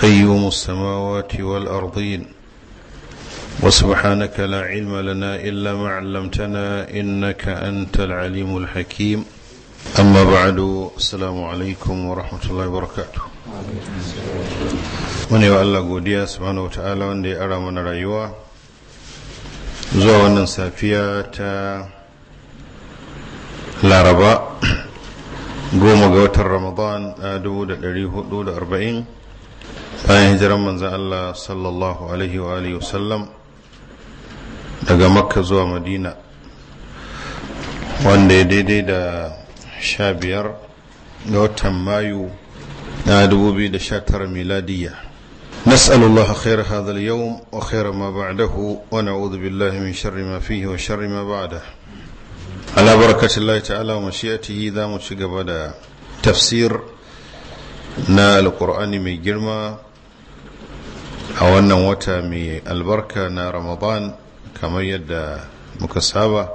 قيوم السماوات والأرضين وسبحانك لا علم لنا إلا ما علمتنا إنك أنت العليم الحكيم أما بعد السلام عليكم ورحمة الله وبركاته من Allah godiya subhanahu wa ta'ala wanda ya ara mana rayuwa zuwa wannan safiya ta laraba goma ga watan ramadan 1440 bayan hijiran manzan Allah sallallahu alaihi wa alihi wasallam daga makka zuwa madina wanda ya daidai da sha biyar ga watan mayu na 2019 miladiyya نسأل الله خير هذا اليوم وخير ما بعده ونعوذ بالله من شر ما فيه وشر ما بعده على بركة الله تعالى ومشيئته ذا متشقب تفسير na alkur'ani mai girma a wannan wata mai albarka na ramadan kamar yadda muka saba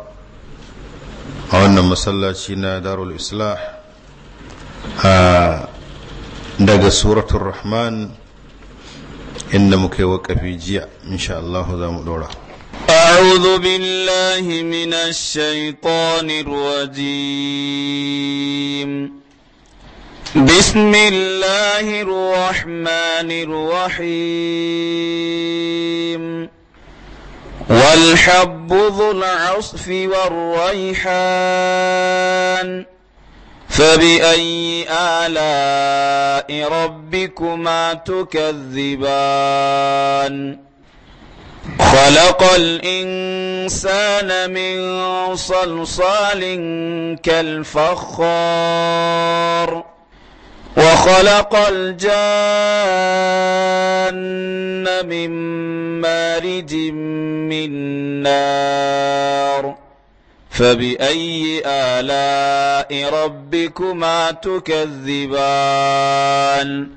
a wannan masallaci na darul islah a daga suratun rahman inda muka yi wakafi jiya insha Allah za mu dora أعوذ بالله من الشيطان الرجيم بسم الله الرحمن الرحيم والحب ذو العصف والريحان فبأي آلاء ربكما تكذبان خلق الإنسان من صلصال كالفخار وخلق الجان من مارج من نار فبأي آلاء ربكما تكذبان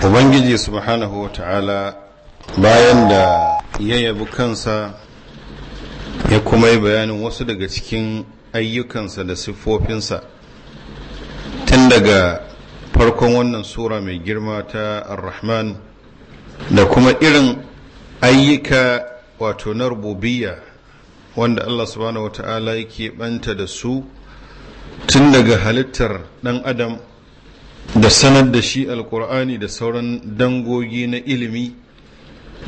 Ubangiji subhanahu wa ta'ala bayan da ya yabi kansa ya kuma yi bayanin wasu daga cikin ayyukansa da siffofinsa tun daga farkon wannan sura mai girma ta ar-rahman da kuma irin ayyuka wato na rububiyya wanda allah subhanahu wata'ala yake banta da su tun daga halittar dan adam da sanar da shi alkur'ani da sauran dangogi na ilimi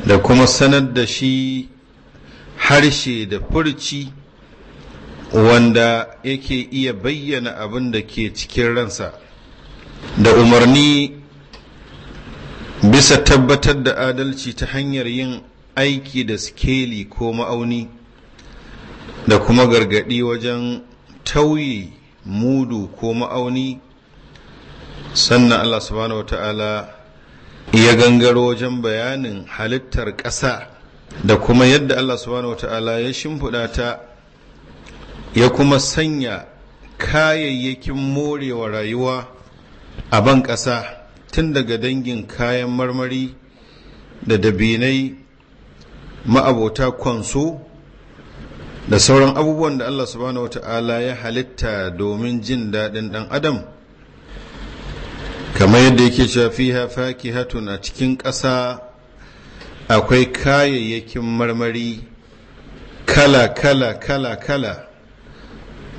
da kuma sanar da shi harshe da furci wanda yake iya bayyana abin da ke cikin ransa da umarni bisa tabbatar da adalci ta hanyar yin aiki da skeli ko ma'auni da kuma gargadi wajen tauye mudu ko ma'auni sannan allah subhanahu wa ta'ala ya gangaro wajen bayanin halittar ƙasa da kuma yadda allah subhanahu wa ta'ala ya shimfiɗa ta ya kuma sanya kayayyakin morewa rayuwa a ban ƙasa tun daga dangin kayan marmari da dabinai ma'abota kwanso da sauran abubuwan da Allah subhanahu wata'ala ya halitta domin jin daɗin ɗan adam kamar yadda yake shafi fakihatun a cikin ƙasa akwai kayayyakin marmari kala kala kala kala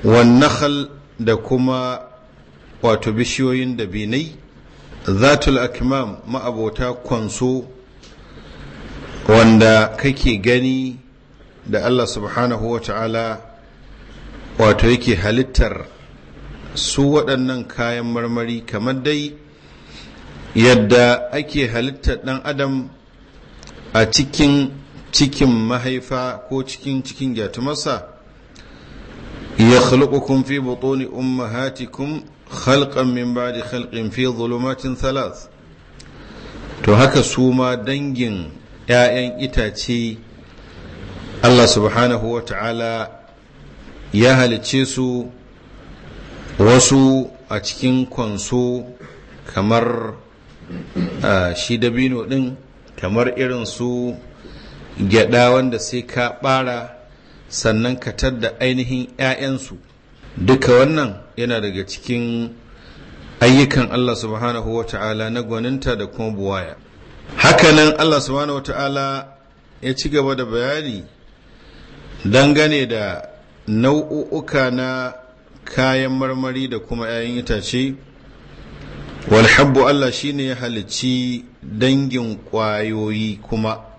wannakal da kuma wato bishiyoyin dabinai zatul akmam ma'abota kwanso wanda kake gani da Allah subhanahu wa ta'ala wato yake halittar su waɗannan kayan marmari kamar dai yadda ake halittar ɗan adam a cikin cikin mahaifa ko cikin cikin gyatumarsa يخلقكم في بطون أمهاتكم خلقا من بعد خلق في ظلمات ثلاث to haka su ma dangin 'ya'yan itace Allah subhanahu wa ta'ala ya halice su wasu a cikin kwanso kamar shi dabino ɗin kamar irin su gyada wanda sai ka ɓara sannan ka da ainihin 'ya'yansu duka wannan yana daga cikin ayyukan Allah subhanahu wa ta'ala na gwaninta da kuma buwaya hakanan Allah subhanahu wa ta'ala ya ci gaba da bayani dangane da nau'uka na kayan marmari da kuma 'ya'yan itace walhabbu Allah shine ya halicci dangin ƙwayoyi kuma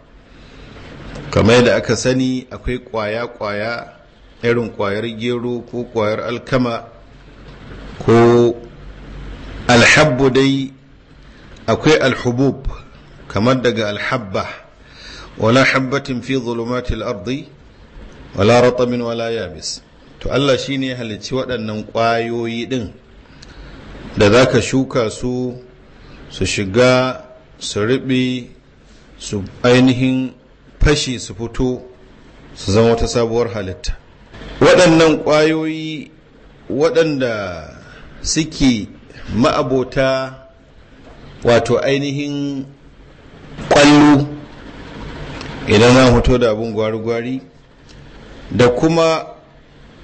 kamar yadda aka sani akwai kwaya-kwaya irin kwayar gero ko kwayar alkama ko alhabbu dai akwai alhubub kamar daga alhabba wala habbatin fi zulumatil ardi wala ratamin wala yabis to Allah shine ya halicci waɗannan ƙwayoyi ɗin da za ka shuka su su shiga su riɓe su ainihin fashi su fito su zama wata sabuwar halitta waɗannan ƙwayoyi waɗanda suke ma'abota wato ainihin ƙwallo idan za fito da abin gwari-gwari da kuma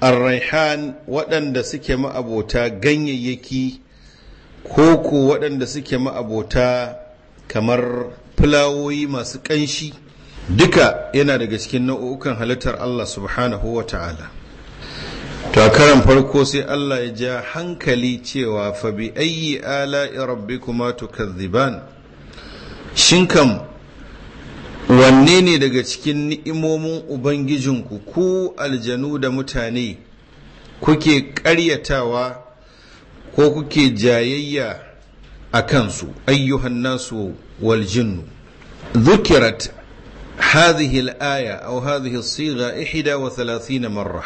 arraihan waɗanda suke ma'abota ganyayyaki ko ko waɗanda suke ma'abota kamar fulawoyi masu ƙanshi duka yana daga cikin nau'ukan halittar Allah subhanahu wa ta'ala ta karan farko sai Allah ya ja hankali cewa fa bi ayyi ala'i rabbikuma tukadhiban shin kam wanne ne daga cikin ni'imomin ubangijinku ku aljanu da mutane kuke ƙaryatawa ko kuke jayayya a kansu ayyuhan nasu waljinnu zukirat هذه الآية أو هذه الصيغة إحدى وثلاثين مرة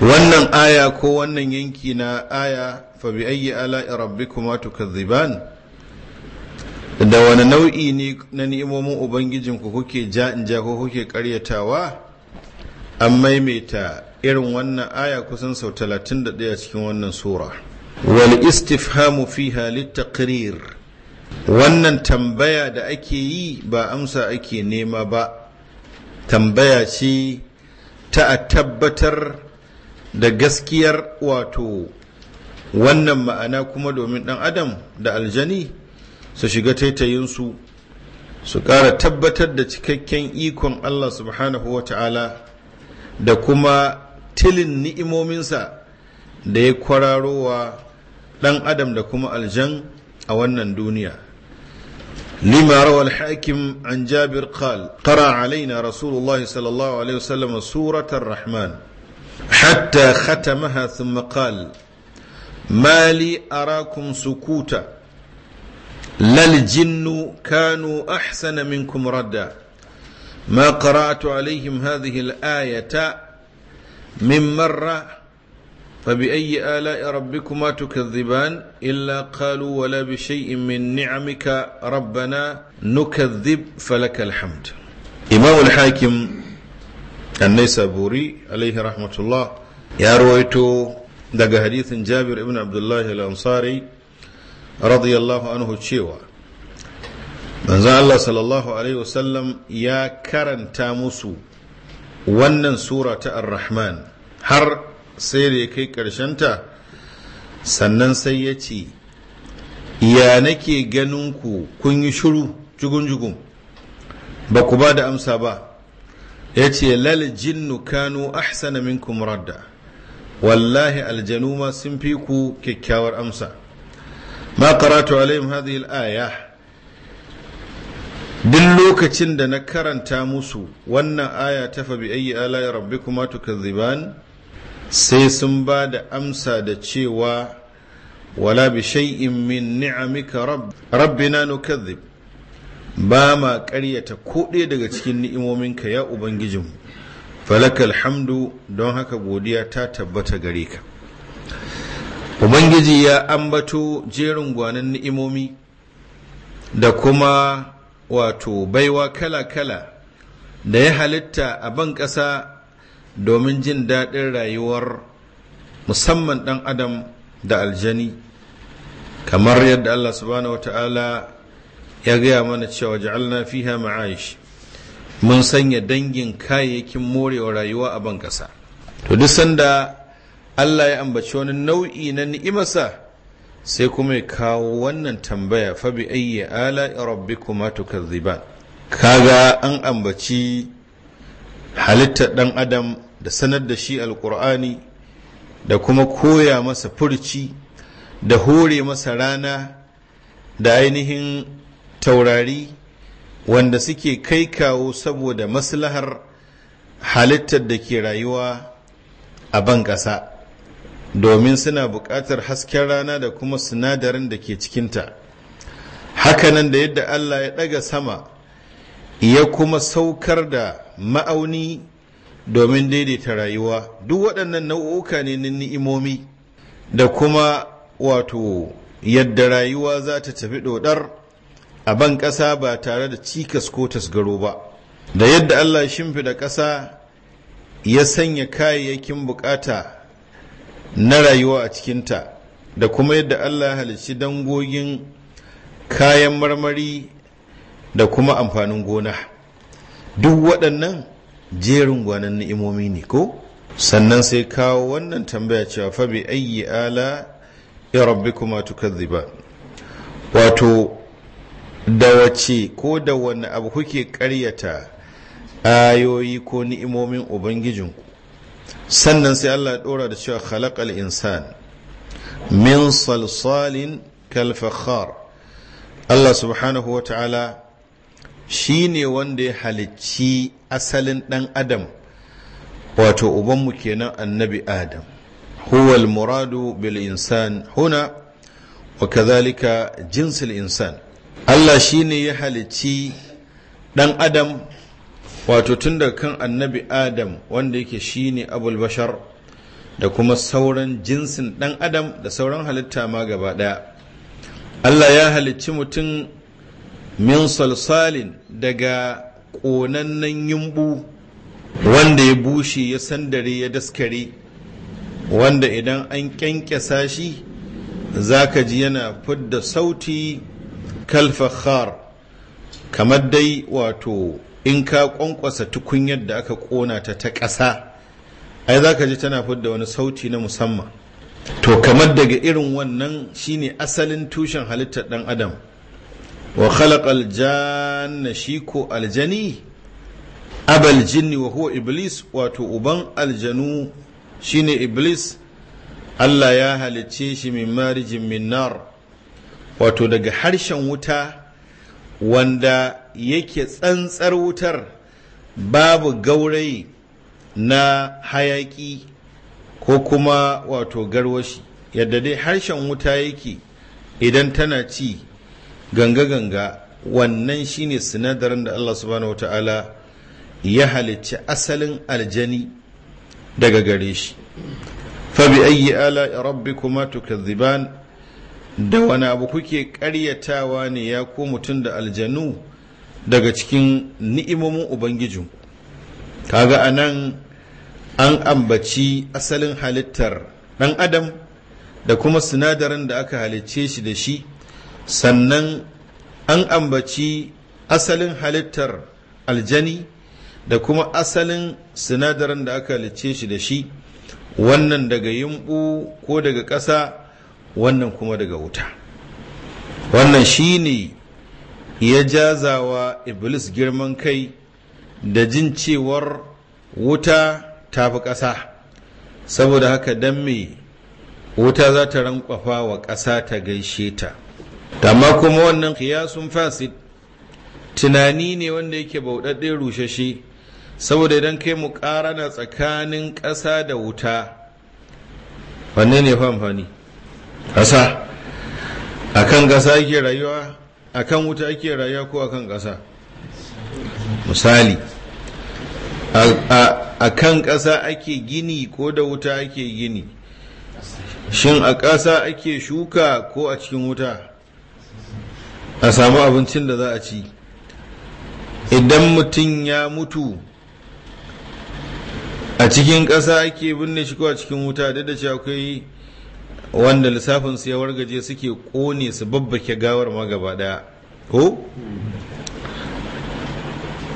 wannan aya ko wannan yanki na aya fa bi ayyi ala'i rabbikuma tukadhiban da wani nau'i ne na ni'imomin ubangijinku kuke ja in ja ko kuke karyatawa an maimaita irin wannan aya kusan sau 31 cikin wannan sura wal istifhamu fiha littaqrir wannan tambaya da ake yi ba amsa ake nema ba tambaya ce ta a tabbatar da gaskiyar wato wannan ma'ana kuma domin ɗan adam da aljani su shiga taitayinsu su ƙara tabbatar da cikakken ikon allah subhanahu wa ta'ala da kuma tilin ni'imominsa da ya kwararowa ɗan adam da kuma aljan أولا الدنيا لما روى الحاكم عن جابر قال قرأ علينا رسول الله صلى الله عليه وسلم سورة الرحمن حتى ختمها ثم قال ما لي أراكم سكوتا لا الجن كانوا أحسن منكم ردا ما قرأت عليهم هذه الآية من مرة فبأي آلاء ربكما تكذبان إلا قالوا ولا بشيء من نعمك ربنا نكذب فلك الحمد إمام الحاكم النيسابوري عليه رحمة الله يا رويتو دقى حديث جابر بن عبد الله الأنصاري رضي الله عنه تشيوى manzon Allah sallallahu Alaihi wasallam ya karanta musu wannan sura ta Ar-Rahman har sai da ya kai ƙarshen ta sannan sai ya ce ya nake ganin ku kun yi shiru jugun-jugun ba ku ba da amsa ba ya ce lal jinnu kanu ahsana minkum radda wallahi aljanu ma sun fi ku kyakkyawar amsa ma karatu alayhim hadhihi al-aya duk lokacin da na karanta musu wannan aya ta fa bi ayyi ala rabbikuma tukazziban sai sun ba da amsa da cewa wala bi shay'in min ni'amika rabbina nukadhib ba ma ƙaryata ko ɗaya daga cikin ni'imomin ka ya ubangijinmu falakal hamdu don haka godiya ta tabbata gare ka ubangiji ya ambato jerin gwanan ni'imomi da kuma wato baiwa kala-kala da ya halitta a ban ƙasa domin jin daɗin rayuwar musamman ɗan adam da aljani kamar yadda Allah subhanahu wata'ala ya gaya mana cewa ja'alna fiha ma'aish mun sanya dangin kayayyakin morewa rayuwa a ban to duk sanda Allah ya ambaci wani nau'i na ni'imarsa sai kuma ya kawo wannan tambaya fabi ayyi ala rabbikuma tukazziban kaga an ambaci halittar ɗan adam da sanar da shi alkur'ani da kuma koya masa furci da hore masa rana da ainihin taurari wanda suke kai kawo saboda maslahar halittar da ke rayuwa a ban ƙasa domin suna buƙatar hasken rana da kuma sinadarin da ke cikinta hakanan da yadda allah ya ɗaga sama ya kuma saukar da ma'auni domin daidaita rayuwa duk waɗannan nau'uka ne na ni'imomi da kuma wato yadda rayuwa za ta tafi ɗoɗar a ban ƙasa ba tare da cikas ko tasgaro ba da yadda allah shimfiɗa ƙasa ya sanya kayayyakin bukata na rayuwa a cikinta da kuma yadda allah halicci dangogin kayan marmari da kuma amfanin gona duk waɗannan jerin gwanin ni'imomi ne ko sannan sai kawo wannan tambaya cewa fa bi ayyi ala ya rabbikuma tukadhiba wato da wace ko da wani abu kuke karyata ayoyi ko ni'imomin ubangijinku sannan sai Allah ya dora da cewa khalaqal insan min salsalin kal Allah subhanahu wa ta'ala shi ne wanda ya halicci asalin ɗan adam wato ubanmu kenan annabi adam huwal muradu bil insan huna wa kazalika jinsil insan allah shi ne ya halicci ɗan adam wato tun da kan annabi adam wanda yake shi ne abul bashar da kuma sauran jinsin ɗan adam da sauran halitta ma gaba ɗaya allah ya halicci mutum min salsalin daga ƙonannen yumbu wanda ya bushe ya sandare ya daskare wanda idan an kyankyasa shi ka ji yana fidda sauti kalfahar kamar dai wato in ka ƙwanƙwasa tukunyar da aka kona ta ta ƙasa ai ka ji tana fidda wani sauti na musamman to kamar daga irin wannan shine asalin tushen halittar ɗan adam wa khalaq aljanna shi ko aljani abal jinni wa huwa iblis wato uban aljanu shine iblis Allah ya halicce shi min marijin min nar wato daga harshen wuta wanda yake tsantsar wutar babu gaurai na hayaki ko kuma wato garwashi yadda dai harshen wuta yake idan tana ci ganga ganga wannan shine sinadarin da Allah subhanahu wataala ya halicci asalin aljani daga gare shi fabi ayyi ala kuma tukadhiban da wani abu kuke karyatawa ne ya ko mutum da aljanu daga cikin ni'imomin ubangijin kaga anan an ambaci asalin halittar ɗan adam da kuma sinadarin da aka halicce shi da shi sannan an ambaci asalin halittar aljani da kuma asalin sinadaran da aka halicce shi da shi wannan daga yimbu ko daga ƙasa wannan kuma daga wuta wannan shi ne ya jazawa iblis girman kai da jin cewar wuta ta fi ƙasa saboda haka don me wuta za ta rankwafa wa ƙasa ta gaishe ta amma kuma wannan kiyasun fasid tunani ne wanda yake bauɗaɗɗen rushashi saboda idan kai mu na tsakanin ƙasa da wuta wanne ne fa amfani ƙasa a kan ƙasa ake rayuwa a kan wuta ake rayuwa ko a kan ƙasa misali a kan ƙasa ake gini ko da wuta ake gini shin a ƙasa ake shuka ko a cikin wuta a samu abincin da za a ci idan mutum ya mutu a cikin ƙasa ake binne shi ko a cikin wuta da cewa akwai wanda lissafin su ya wargaje suke ƙone su babbake gawar ma gaba ɗaya ko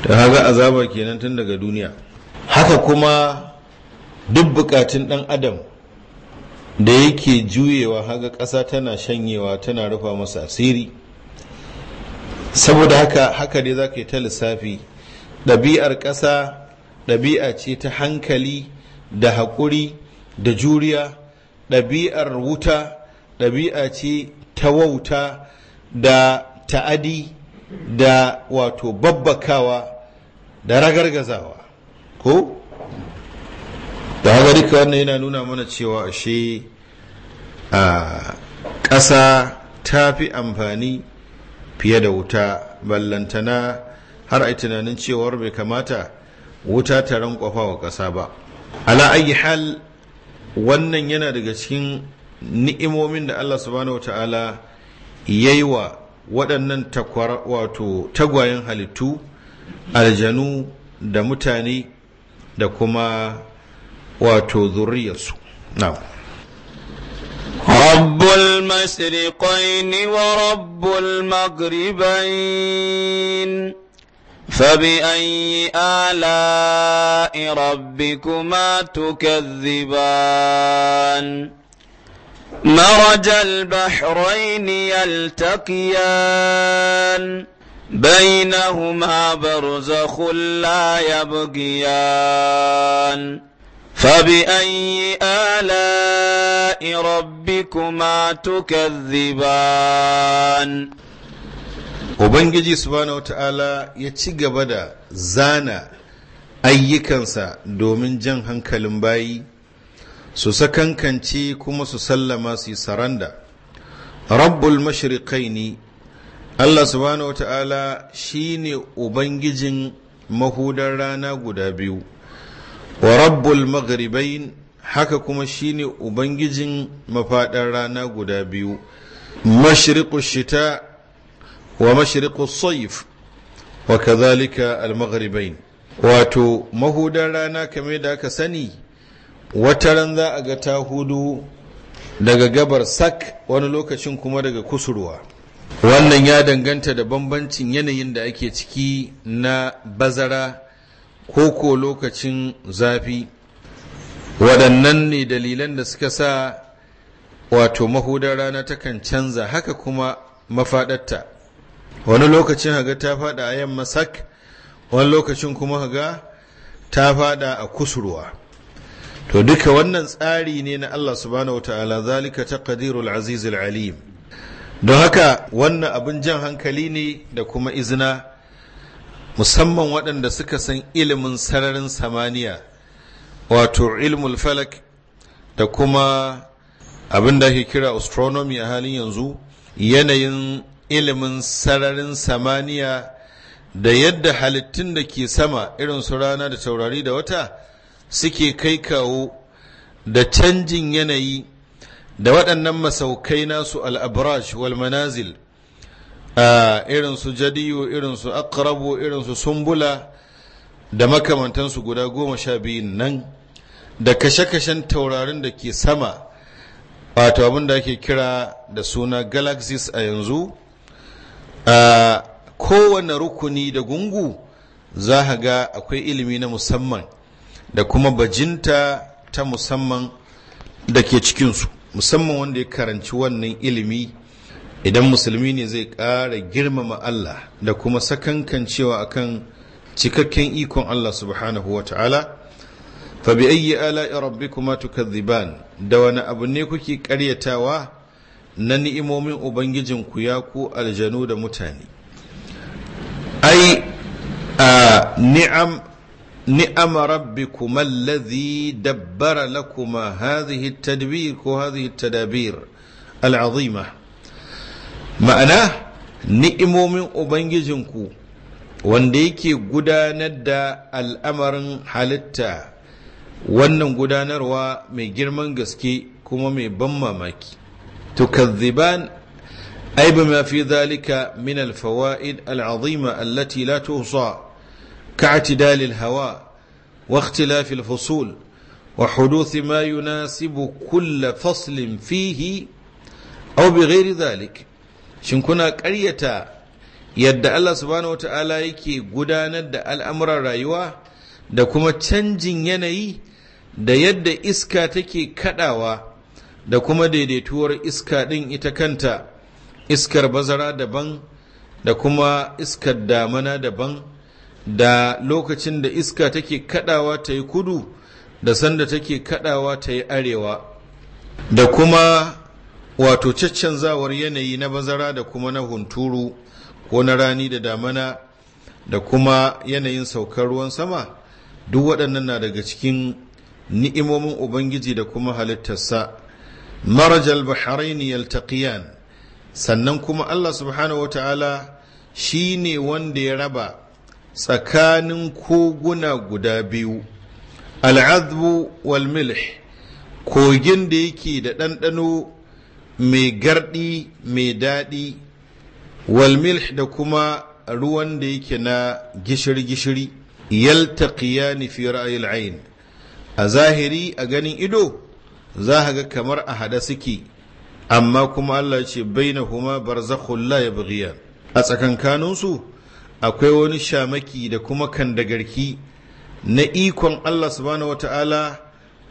ta haga azaba kenan tun daga duniya haka kuma duk bukatun ɗan adam da yake juyewa haga ƙasa tana shanyewa tana rufa masa asiri saboda haka haka ne za ka yi ta lissafi ɗabi'ar ƙasa ɗabi'a ce ta hankali da haƙuri da juriya ɗabi'ar wuta ɗabi'a ce ta wauta da ta'adi da wato babbakawa da ragargazawa ko da haka duka wannan yana nuna mana cewa ashe a ƙasa ta fi amfani fiye da wuta ballantana har a yi tunanin cewar bai kamata wuta ta rankwafa wa ƙasa ba ala ayi hal wannan yana daga cikin ni'imomin da allah subhanahu ta'ala ya yi wa waɗannan tagwayen halittu aljanu da mutane da kuma wato zurriyarsu na'am رب المشرقين ورب المغربين فبأي آلاء ربكما تكذبان مرج البحرين يلتقيان بينهما برزخ لا يبغيان فبأي آلاء ربكما تكذبان Ubangiji subhanahu wata'ala ya ci gaba da zana ayyukansa domin jan hankalin bayi su sakankanci kuma su sallama su yi saranda. Rabbul mashirikai ne, Allah subhanahu wata'ala shi ne Ubangijin mahudar rana guda biyu. wa rabbul maghribain haka kuma shine ubangijin mafaɗar rana guda biyu mashriqu shita wa mashriqu sayf wa kadhalika al maghribain wato mahudan rana kamar da aka sani wata ran za a ga ta hudu daga gabar sak wani lokacin kuma daga kusurwa wannan ya danganta da bambancin yanayin da ake ciki na bazara ko ko lokacin zafi waɗannan ne dalilan da suka sa wato mahudar rana takan canza haka kuma mafaɗarta wani lokacin haga ta faɗa a yamma sak wani lokacin kuma haga ta faɗa a kusurwa to duka wannan tsari ne na Allah subhanahu wata'ala zalika taqdirul azizul alim don haka wannan abin jan hankali ne da kuma izina musamman waɗanda suka san ilimin sararin samaniya wato ilmul falak da kuma abin da ake kira astronomy a halin yanzu yanayin ilimin sararin samaniya da yadda halittun da ke sama irin su rana da taurari da wata suke kai kawo da canjin yanayi da waɗannan masaukai nasu al al'abraj wal manazil Ah, irin su jadiyu irin su akrabu irin su sumbula da makamantansu guda goma sha biyun nan da kashe-kashen taurarin da ke sama wato abin da ake kira da suna galaxies a yanzu a ah, kowane rukuni da gungu za a ga akwai ilimi na musamman da kuma bajinta ta musamman da ke cikinsu musamman wanda ya karanci wannan ilimi idan musulmi ne zai ƙara girmama Allah da kuma sakankancewa cewa akan cikakken ikon Allah subhanahu wa ta'ala fa bi ayyi ala'i rabbikuma tukadhiban da wani abu ne kuke ƙaryatawa na ni'imomin ku ya ku aljanu da mutane ai a ni'am نعم ربكما الذي دبر لكما هذه ko وهذه التدابير العظيمه ma'ana ni'imomin ubangijinku wanda yake gudanar da al'amarin halitta wannan gudanarwa mai girman gaske kuma mai ban mamaki tukazziban ai bima fi zalika min alfawaid al'azima allati la tuhsa كاعتدال fusul wa الفصول ma ما يناسب كل فصل فيه أو بغير ذلك shin kuna ƙaryata yadda Allah subhanahu wa ta'ala yake gudanar da al'amuran rayuwa da kuma canjin yanayi da yadda iska take kaɗawa da kuma daidaituwar iska ɗin ita kanta iskar bazara daban da kuma iskar damana daban da lokacin da iska take kaɗawa ta yi kudu da sanda take kaɗawa ta yi arewa da kuma wato zawar yanayi na bazara da kuma na hunturu ko na rani da damana da kuma yanayin saukar ruwan sama duk waɗannan na daga cikin ni'imomin ubangiji da kuma halittarsa marajal bahraini yaltaqiyan sannan kuma allah subhanahu wa ta'ala shi ne wanda ya raba tsakanin koguna guda biyu al'adbu wal milh kogin da yake da ɗanɗano mai gardi mai daɗi walmilh da kuma ruwan da yake na gishiri-gishiri ni fi ra'ayil ayn a zahiri a ganin ido za ga kamar a hada suke amma kuma Allah ce huma barzakhul la yabghiyan a tsakankaninsu akwai wani shamaki da kuma kan dagarki na ikon Allah subhanahu wata'ala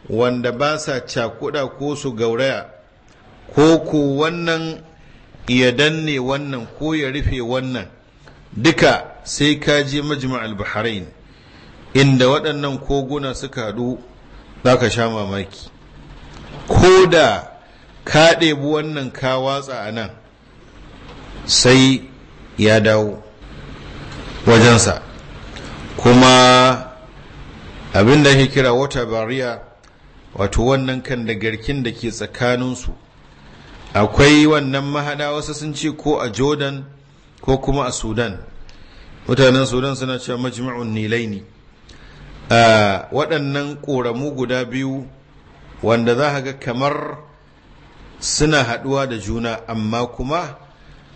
wanda ba sa cakuda ko su gauraya ko ko wannan ya danne wannan ko ya rufe wannan duka sai ka je majma'al bahrain inda waɗannan koguna suka haɗu za ka sha mamaki ko da ka ɗebi wannan ka watsa a nan sai ya dawo wajensa kuma abin da kira wata bariya wato wannan kan da garkin da ke tsakaninsu akwai wannan mahada wasu sun ce ko a jordan ko kuma a sudan mutanen sudan suna cewa majma'un nilaini a waɗannan ƙoramu guda biyu wanda za ga kamar suna haɗuwa da juna amma kuma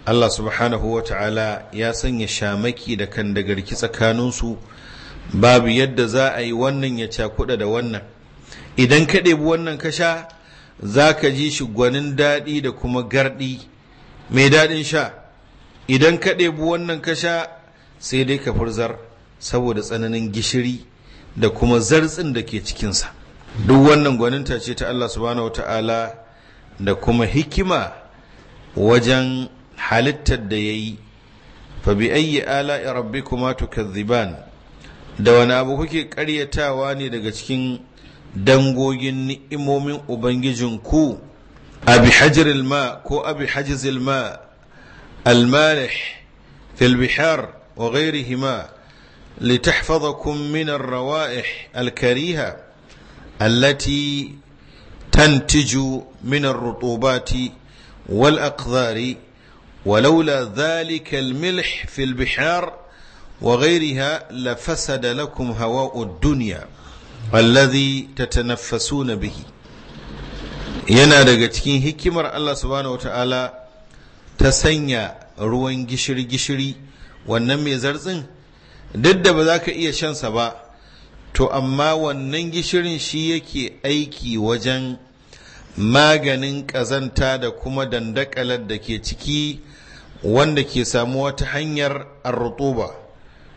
allah subhanahu wa ta'ala ya sanya shamaki da kan da garki tsakaninsu babu yadda za a yi wannan ya cakuɗa da wannan idan ka wannan ka sha za ka ji shi gwanin daɗi da kuma garɗi mai daɗin sha idan ka ɗebi wannan ka sha sai dai ka furzar saboda tsananin gishiri da kuma zartsin da ke cikinsa duk wannan gwaninta ce ta Allah subhanahu Ta'ala da kuma hikima wajen halittar da ya yi fa bi rabbi ala'i rabbikuma tukadhiban da wani abu kuke karyatawa ne daga cikin dangogin ni'imomin ubangijin abi hajjiril ma ko abi hajjizil ma almalih fil bihar wa ghairihima litahfadhakum min rawaih al allati tantiju min ar-rutubati wal aqdhari ولولا ذلك الملح في البحار وغيرها لفسد لكم هواء الدنيا allazi tatanaffasuna bihi yana daga cikin hikimar Allah subhanahu wata'ala ta sanya ruwan gishiri-gishiri wannan mai zartsin duk da ba za ka iya shansa ba to amma wannan gishirin shi yake aiki wajen maganin ƙazanta da kuma dandakalar da ke ciki wanda ke samu wata hanyar arrutuba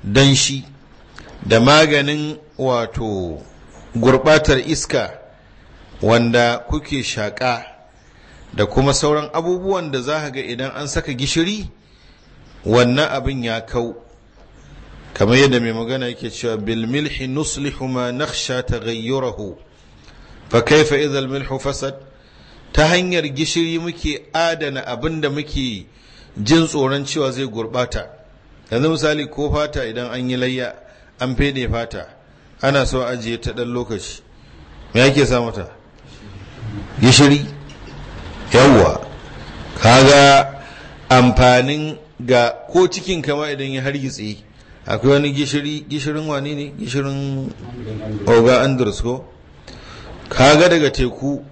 don shi da maganin wato gurbatar iska wanda kuke shaƙa da kuma sauran abubuwan da za ga idan an saka gishiri wannan abin ya kau kamar yadda mai magana yake cewa bilmilhi nuslihu ma nakhsha taghayyurahu fa kaifa idza milhu fasad ta hanyar gishiri muke adana abin da muke jin tsoron cewa zai gurbata yanzu misali ko fata idan an yi layya an fede fata ana so ajiye ta ɗan lokaci me yake sa mata gishiri yawwa kaga amfanin ga ko cikin kama idan ya hargitse akwai wani gishiri gishirin wani ne gishirin oga andrews ko kaga daga teku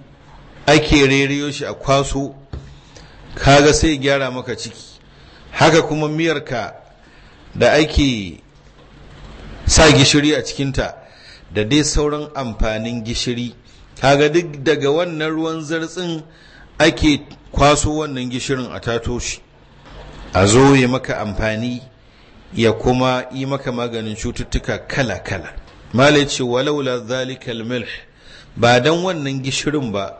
ake reriyo shi a kwaso kaga sai gyara maka ciki haka kuma miyarka da ake sa gishiri a cikinta da dai sauran amfanin gishiri kaga duk daga wannan ruwan zartsin ake kwaso wannan gishirin a tato shi a zo ya maka amfani ya kuma yi maka maganin cututtuka kala-kala malai ce walaula zalikal milh ba don wannan gishirin ba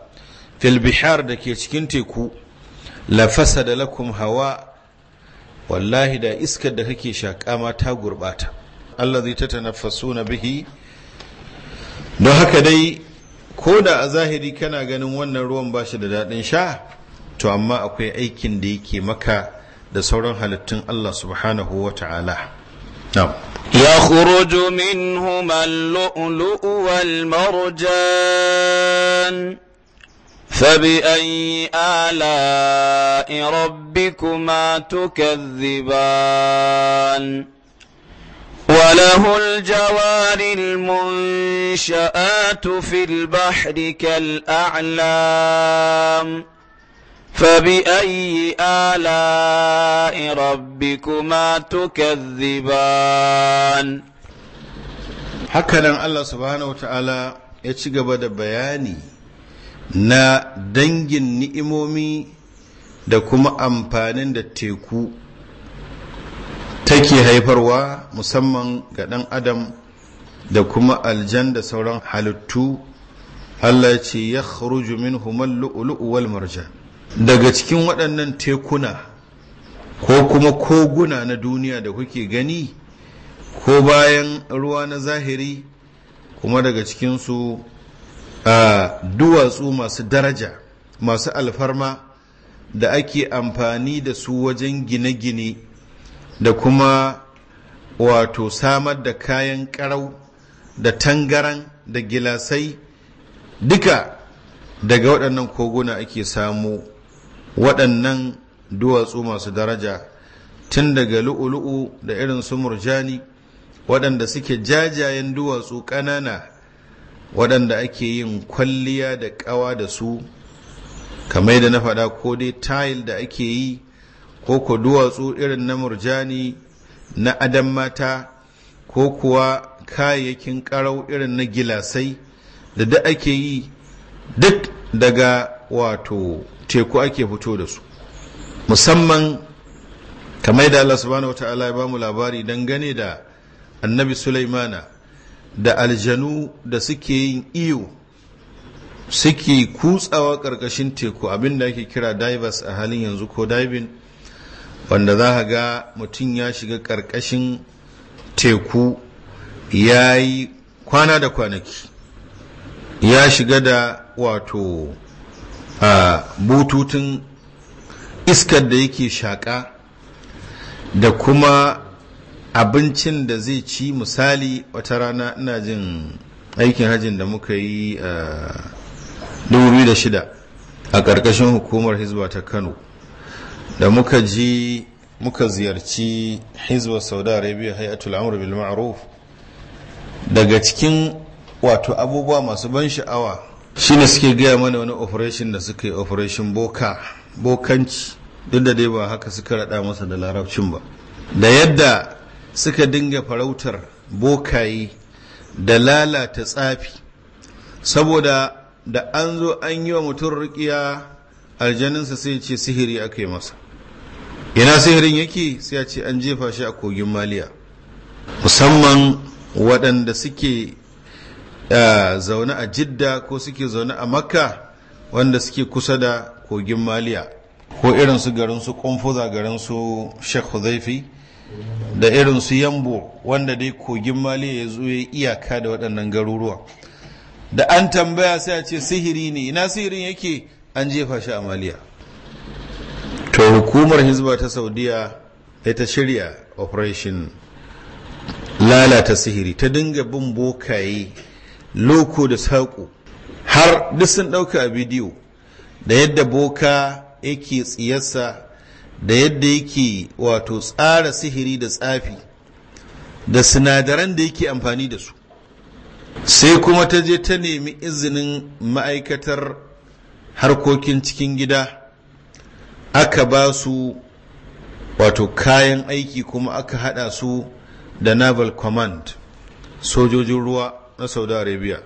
filbihar da ke cikin teku lafasa da lakum hawa wallahi da iskar da kake shaƙa ma ta gurɓata allah zai ta na bihi don haka dai ko da a zahiri kana ganin wannan ruwan ba shi da daɗin sha to amma akwai aikin da yake maka da sauran halittun Allah subhanahu wa ta'ala Ya يخرج منهما اللؤلؤ والمرجان فبأي آلاء ربكما تكذبان وله الجوار المنشآت في البحر كالأعلام فبأي آلاء ربكما تكذبان هكذا الله سبحانه وتعالى يتشغب بياني na dangin ni'imomi da kuma amfanin da teku take haifarwa musamman ga ɗan adam da kuma aljan da sauran halittu Allah ce ya kharuju min humal wal marja daga cikin waɗannan tekuna ko kuma koguna na duniya da kuke gani ko bayan ruwa na zahiri kuma daga cikinsu a duwatsu masu daraja masu alfarma da ake amfani da su wajen gine-gine da kuma wato samar da kayan karau da tangaran da gilasai duka daga waɗannan koguna ake samu waɗannan duwatsu masu daraja tun daga lu'ulu'u da irin su murjani waɗanda suke jajayen duwatsu ƙanana waɗanda ake yin kwalliya da ƙawa da su kamar da na faɗa ko dai tayil da ake yi ko ko duwatsu irin na murjani na adam mata ko kuwa kayayyakin karau irin na gilasai da da ake yi duk daga wato teku ake fito da su musamman kamar da Allah subhanahu wata'ala ya bamu labari dangane da annabi Sulaimana da aljanu da suke yin iyo suke kutsawa ƙarƙashin teku abinda ake kira divers a halin yanzu ko diving wanda za a ga mutum ya shiga ƙarƙashin teku ya yi kwana da kwanaki ya shiga da wato a bututun iskar da yake shaƙa da kuma abincin da zai ci misali wata rana ina jin aikin hajjin da muka yi a 2006 a ƙarƙashin hukumar hizba ta kano da muka ji muka ziyarci hizba saudi arabia hayatul amr bil ma'ruf daga cikin wato abubuwa masu ban sha'awa shine suke gaya mana wani operation da suka yi operation boka bokanci duk da dai ba haka suka rada masa da larabcin ba da yadda suka dinga farautar bokayi da lalata tsafi saboda da an zo an yi wa mutum rikiya aljaninsa sai ce sihiri aka yi masa ina sihirin yake sai a ce an jefa shi a kogin maliya musamman waɗanda suke eh, zaune a jidda ko suke zaune a makka wanda suke kusa da kogin maliya ko irin su garin su kumfuza garin su sheikh Zaifi da irin yambo wanda dai kogin maliya ya zuwa iyaka da waɗannan garuruwa da an tambaya sai a ce sihiri ne ina sihirin yake an jefa shi a maliya to hukumar hizba ta saudiya ita shirya operation lalata sihiri ta dinga bin bokaye loko da saƙo har duk sun ɗauka a bidiyo da yadda boka yake tsiyarsa da yadda yake wato tsara sihiri da tsafi da sinadaran da yake amfani da su sai kuma ta je ta nemi izinin ma'aikatar harkokin cikin gida aka ba su wato kayan aiki kuma aka hada su da naval command sojojin ruwa na saudi arabia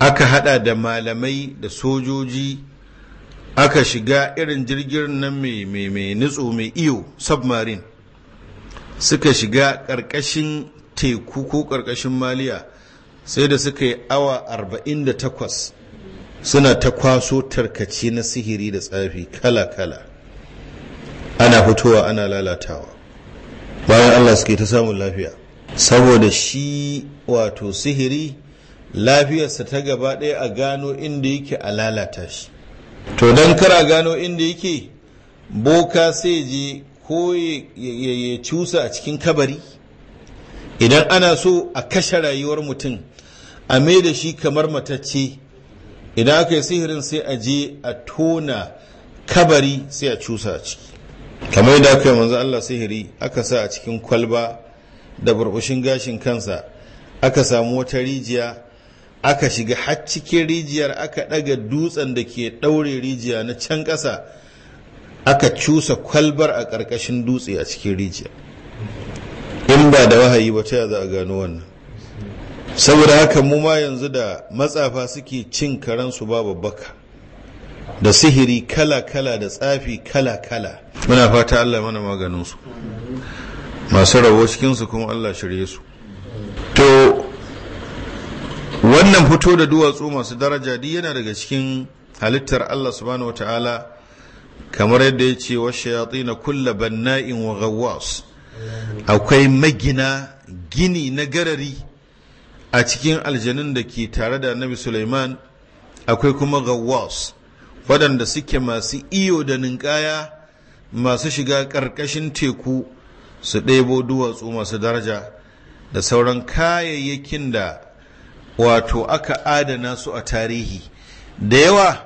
aka hada da malamai da sojoji aka shiga irin jirgin nan mai nutso mai iyo submarine suka shiga ƙarƙashin teku ko ƙarƙashin maliya sai da suka yi awa takwas. suna ta kwaso tarkace na sihiri da tsafi kala-kala ana fitowa ana lalatawa bayan allah suke ta samun lafiya saboda shi wato sihiri lafiyarsa ta gaba ɗaya a gano inda yake a lalata shi to don kara gano inda yake boka sai je ko ya cusa a cikin kabari idan ana so a kashe rayuwar mutum a mai da shi kamar matacce idan aka yi sihirin sai a je a tona kabari sai a cusa a ciki kamar yadda aka yi manzo Allah sihiri aka sa a cikin kwalba da burbushin gashin kansa aka samu wata rijiya aka shiga har cikin rijiyar aka ɗaga dutsen da ke ɗaure rijiya na can ƙasa aka cusa kwalbar a ƙarƙashin dutse a cikin rijiya in ba da wahayi ba ta za a gano wannan saboda haka mu ma yanzu da matsafa suke cin su babu baka da sihiri kala-kala da tsafi kala-kala muna fata Allah mana maganinsu masu rabo cikinsu kuma Allah shirye su to wannan fito da duwatsu masu daraja duk yana daga cikin halittar Allah subhanahu wata'ala kamar yadda ya ce washe ya na kulla banna'in wa gawas akwai magina gini na garari a cikin aljanun da ke tare da annabi suleiman akwai kuma gawas waɗanda suke masu iyo da ninkaya masu shiga ƙarƙashin teku su ɗebo duwatsu masu daraja da sauran kayayyakin da wato aka adana su a tarihi da yawa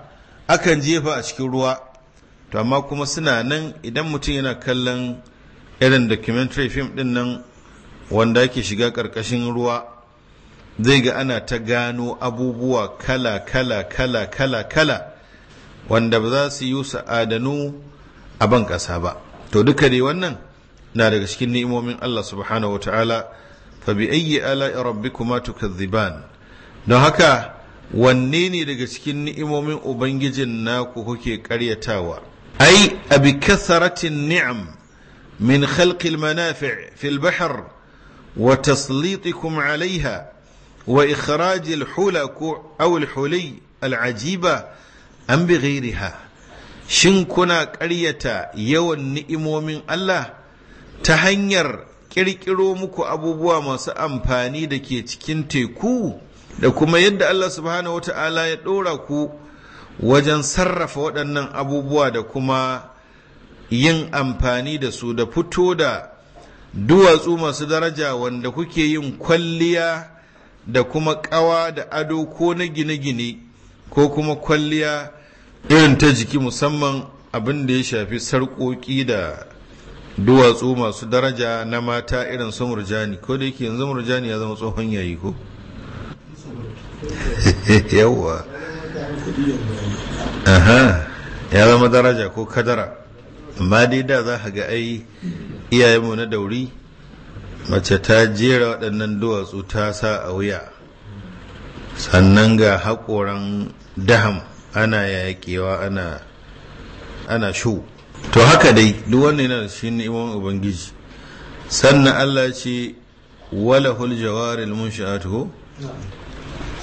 akan jefa a cikin ruwa to amma kuma suna nan idan mutum yana kallon irin documentary film ɗin nan wanda ake shiga ƙarƙashin ruwa zai ga ana ta gano abubuwa kala kala kala kala kala wanda ba za su yi sa'adanu a ban ƙasa ba to duka dai wannan na daga cikin ni'imomin Allah subhanahu wa ta'ala fa bi ayyi ala'i rabbikuma tukadhiban don haka wanne ne daga cikin ni'imomin ubangijin naku kuke karyatawa ai abi kasaratin ni'am min khalqil manafi' fil bahr wa taslitikum 'alayha Wa وإخراج الحلك أو الحلي an bi بغيرها shin kuna ƙaryata yawan ni'imomin Allah ta hanyar ƙirƙiro muku abubuwa masu amfani da ke cikin teku da kuma yadda Allah subhanahu wa ta'ala ya ɗora ku wajen sarrafa waɗannan abubuwa da kuma yin amfani da su da fito da duwatsu masu daraja wanda kuke yin kwalliya da kuma ƙawa da ado ko na gine-gine ko kuma kwalliya irin ta jiki musamman abin da ya shafi sarƙoƙi da duwatsu masu daraja na mata irin su murjani ko da yake yanzu murjani ya zama tsohon yayi ko yawwa aha ya zama daraja ko kadara amma dai da za ga ai iyayenmu na dauri mace ta jera waɗannan duwatsu ta sa a wuya sannan ga haƙoran daham ana yaƙewa ana shu to haka dai duk wannan yana shi imam ubangiji sannan Allah ce Wala walahul jawaril munshi'atu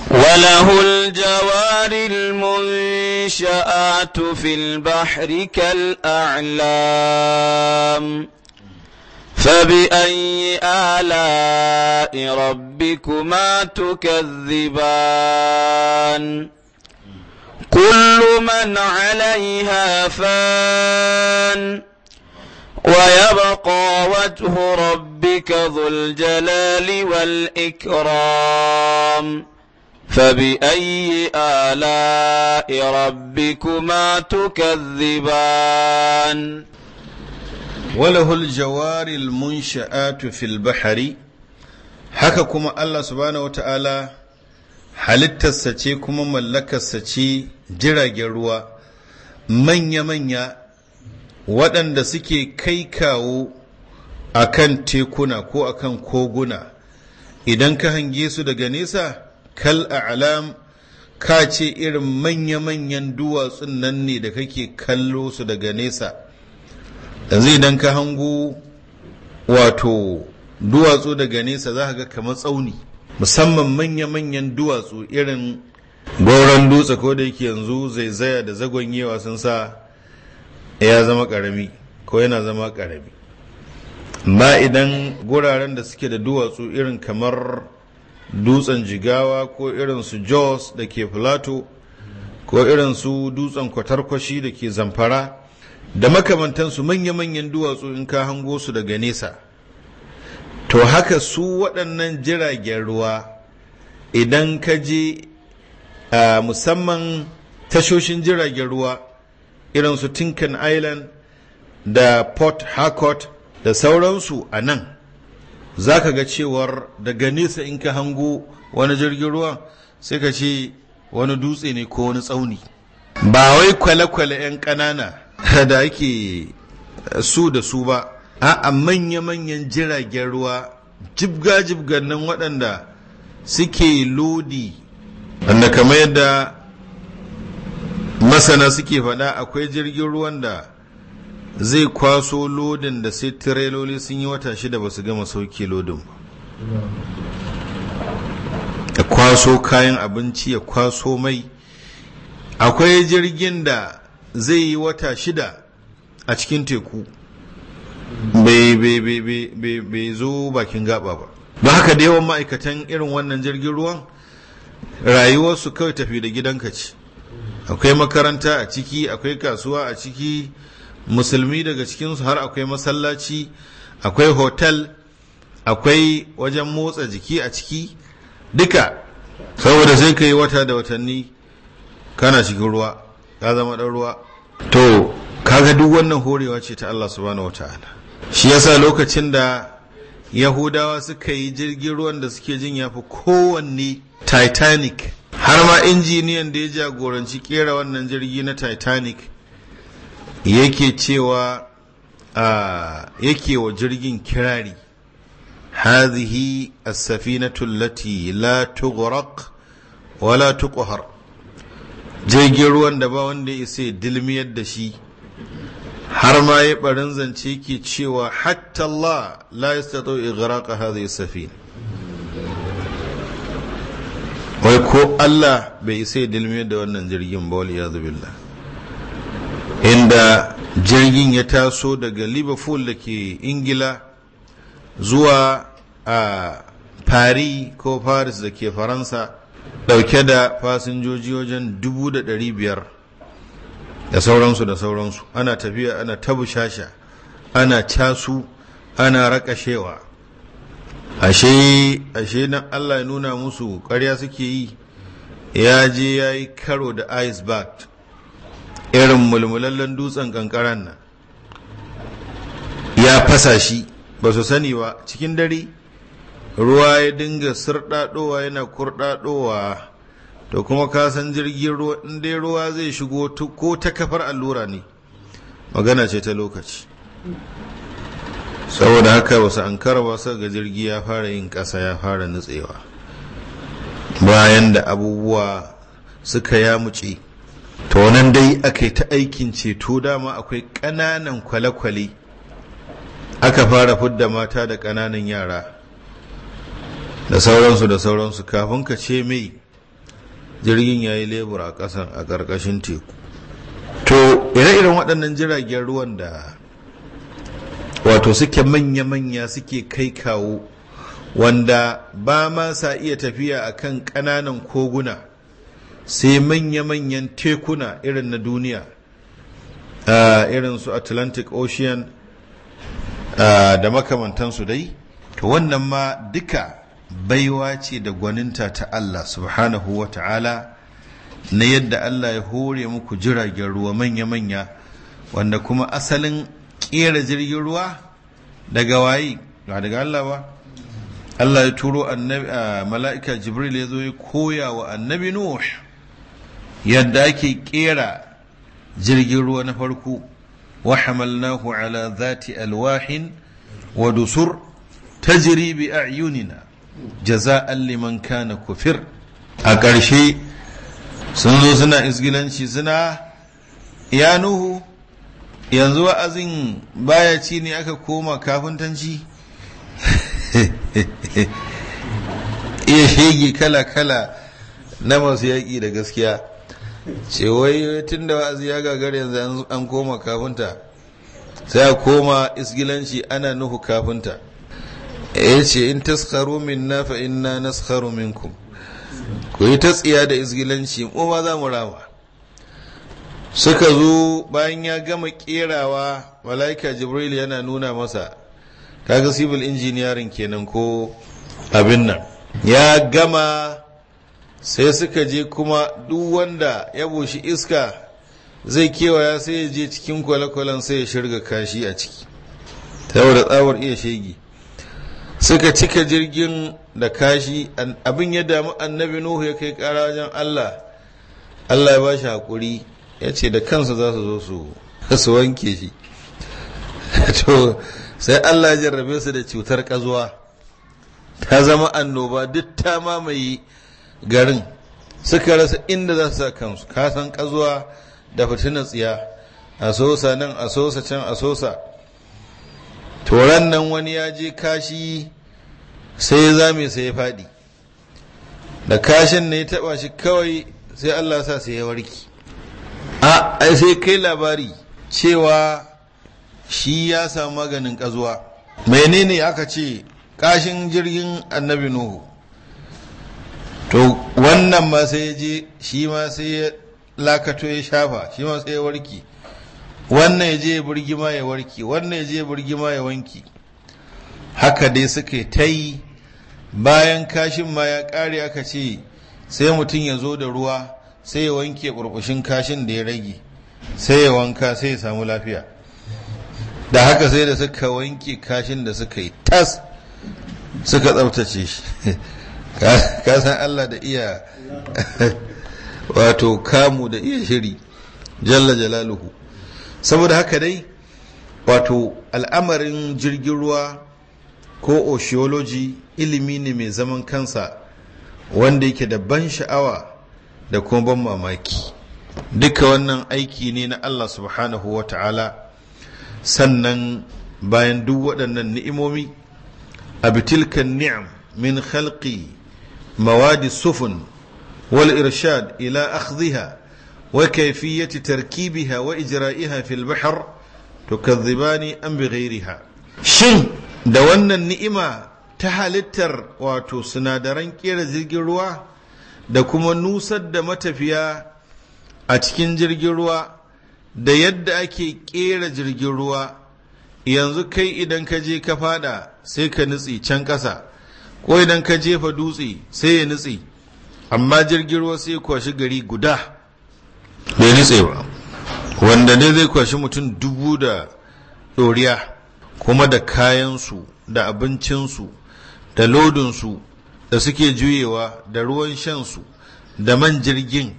وله الجوار المنشآت في البحر كالأعلام فبأي آلاء ربكما تكذبان كل من عليها فان ويبقى وجه ربك ذو الجلال والإكرام فبأي آلاء ربكما تكذبان وله الجوار المنشآت في البحر haka kuma Allah subhanahu wata'ala halittarsa ce kuma mallakarsa ce jiragen ruwa manya-manya waɗanda suke kai kawo a kan tekuna ko a kan koguna idan ka hange su daga nesa kal a'lam ka ce irin manya-manyan duwatsun nan ne da kake kallo su daga nesa yanzu idan ka hango wato duwatsu daga nesa za ga kama tsauni musamman manya-manyan duwatsu irin goron dutse ko da yake yanzu zaizaya da zagon yewa sun sa ya zama karami ko yana zama karami ma idan guraren da suke da duwatsu irin kamar dutsen jigawa ko irin su jos da ke filato ko irin su dutsen kwatarkwashi da ke zamfara da makamantansu manya-manyan duwatsu in ka hango su daga nesa to haka su waɗannan jiragen ruwa idan ka je a musamman tashoshin jiragen ruwa irin su tinkan island da port harcourt da sauransu a nan za ka ga cewar daga nesa in ka hango wani jirgin ruwa sai ka ce wani dutse ne ko wani tsauni ba wai kwale-kwale 'yan ƙanana da ake eh, su da su ba a manya-manyan jiragen ruwa jibga-jibgan nan waɗanda suke lodi wanda kamar yadda masana suke faɗa akwai jirgin ruwan da zai kwaso lodin da sai tireloli sun yi wata shida ba su gama sauke lodin ba ya kwaso kayan abinci ya kwaso mai akwai jirgin da zai yi wata shida a cikin teku bai zo bakin gaba ba Ba haka da yawan ma'aikatan irin wannan jirgin ruwan rayuwarsu kawai tafi da gidanka ce akwai makaranta a ciki akwai kasuwa a ciki musulmi daga cikinsu har akwai masallaci akwai hotel akwai wajen motsa jiki a ciki duka saboda sai ka yi wata da watanni kana cikin ruwa ka zama ɗan ruwa to kaga duk wannan horewa ce ta Allah subhanahu wataala shi yasa lokacin da yahudawa suka yi jirgin ruwan da suke jin yafi kowanne titanic har ma injiniyan da ya jagoranci kera wannan jirgi na titanic yake cewa yake wa jirgin kirari hazihi asafinatu التي la تغرق wala tuqhar jirgin ruwan da ba wanda ya isa dilmiyar da shi har ma ya barin zance ke cewa hatta Allah la yastatu ighraqa ya safina wai ko Allah bai isa ya dilmiyar da wannan jirgin ba wal iyadu billah inda jirgin ya taso daga Liverpool da ke Ingila zuwa a ah, Paris ko Paris da ke Faransa dauke da fasinjoji wajen dubu da dari biyar da sauransu da sauransu ana tafiya ana tabushasha ana casu ana rakashewa ashe ashe nan allah ya nuna musu karya suke yi ya je ya yi karo da iceberg irin mulmulallen dutsen kankaran nan ya fasa shi ba su sani ba cikin dare ruwa ya dinga sirɗaɗowa yana kurɗaɗowa to kuma ka san jirgin ruwa inda dai ruwa zai shigo ko ta kafar allura ne magana ce ta lokaci saboda haka wasu an ba su ga jirgi ya fara yin ƙasa ya fara nutsewa bayan da abubuwa suka yamuce to nan dai aka ta aikin ceto dama akwai ƙananan kwale-kwale aka fara fudda mata da ƙananan yara da sauransu da sauransu kafin ka ce mai jirgin ya yi lebur a ƙasan a ƙarƙashin teku to ire-iren waɗannan jiragen ruwan da wato suke manya-manya suke kai kawo wanda ba ma sa iya tafiya a kan ƙananan koguna sai manya-manyan tekuna irin na duniya uh, irin su atlantic ocean uh, da makamantansu dai to wannan ma duka baiwa ce da gwaninta ta Allah subhanahu wa ta'ala na yadda Allah ya hore muku jiragen ruwa manya-manya wanda kuma asalin ƙera jirgin ruwa daga wayi ba daga Allah ba Allah ya turo mala'ika Jibril ya zo ya koya wa annabi Nuh yadda ake ƙera jirgin ruwa na farko wa hamalnahu ala zati alwahin wa dusur tajri bi a'yunina jaza'an liman kana kufir a ƙarshe sun zo suna isgilanci suna ya nuhu yanzu wa'azin baya ci ne aka koma kafintanci iya shege kala-kala na masu yaƙi da gaskiya ce wai tun da wa'azi ya gagara yanzu an koma kafinta sai a koma isgilanci ana nuhu kafinta ya ce in taskaru min na fa inna naskaru min ku yi ta tsiya da izgilanci mu za mu rawa suka zo bayan ya gama kerawa malaika jibril yana nuna masa kaga civil engineering kenan ko abin nan ya gama sai suka je kuma duk wanda ya boshi iska zai kewaya sai ya je cikin kwale-kwalen sai ya shirga kashi a ciki Ta saboda tsawar iya shege? suka cika jirgin da kashi abin ya damu annabi nuhu ya kai kara wajen allah allah ya ba shi haƙuri ya ce da kansu za su zo su wanke shi to sai allah ya jarrabe su da cutar ƙazuwa ta zama annoba duk ta mamaye garin suka rasa inda za su sa kansu kasan ƙazuwa da fitina tsiya a sosa nan a sosa can a sosa turan nan wani ya je kashi sai ya zame sai ya faɗi da kashin ne ya taɓa shi kawai sai Allah sa sai ya warki a sai kai labari cewa shi ya samu maganin ƙazuwa menene aka ce kashin jirgin annabi nuhu to wannan ma sai ya je shi ma sai ya lakato ya shafa shi ma sai ya warki wannan ya je ya burgima ya warki wannan ya je ya burgima ya wanki haka dai suka ta yi bayan kashin ma ya kare aka ce sai mutum ya zo da ruwa sai ya wanke ƙurƙushin kashin da ya rage sai ya wanka sai ya samu lafiya da haka sai da suka wanke kashin da suka yi tas suka tsabtace shi kasan Allah da iya wato kamu da iya shiri jalla jalaluhu saboda haka dai wato al'amarin jirgin ruwa ko oceology ilimi ne mai zaman kansa wanda yake da ban sha'awa da kuma ban mamaki duka wannan aiki ne na Allah subhanahu wa ta'ala sannan bayan duk waɗannan ni'imomi abitilkan ni'am min khalqi mawadi sufun wal irshad ila akhdhiha wa kayfiyati tarkibiha wa ijra'iha fil bahr tukadhibani am bighairiha shin da wannan ni'ima ta halittar wato sinadaran kera jirgin ruwa da kuma nusar da matafiya a cikin jirgin ruwa da yadda ake kera jirgin ruwa yanzu kai idan ka je ka fada sai ka nutsi can ƙasa ko idan ka jefa dutse sai ya nutse amma jirgin ruwa sai kwashi gari guda bai nutse ba wanda ne zai kwashi mutum dubu da ɗoriya kuma da kayansu da abincinsu da lodinsu da suke juyewa da ruwan shansu da man jirgin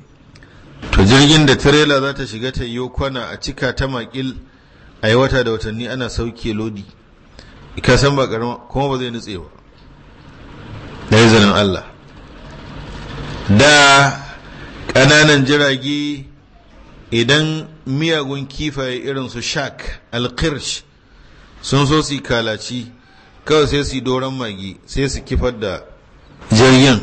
to jirgin da tirela za ta shiga ta yi kwana a cika ta makil a yi wata da watanni ana sauke lodi ka san ba karama kuma ba zai nutse ba da izinin Allah da ƙananan jirage idan miyagun kifaye irin su shak alkirsh sun so su kalaci kawai sai su doron magi sai su kifar da jirgin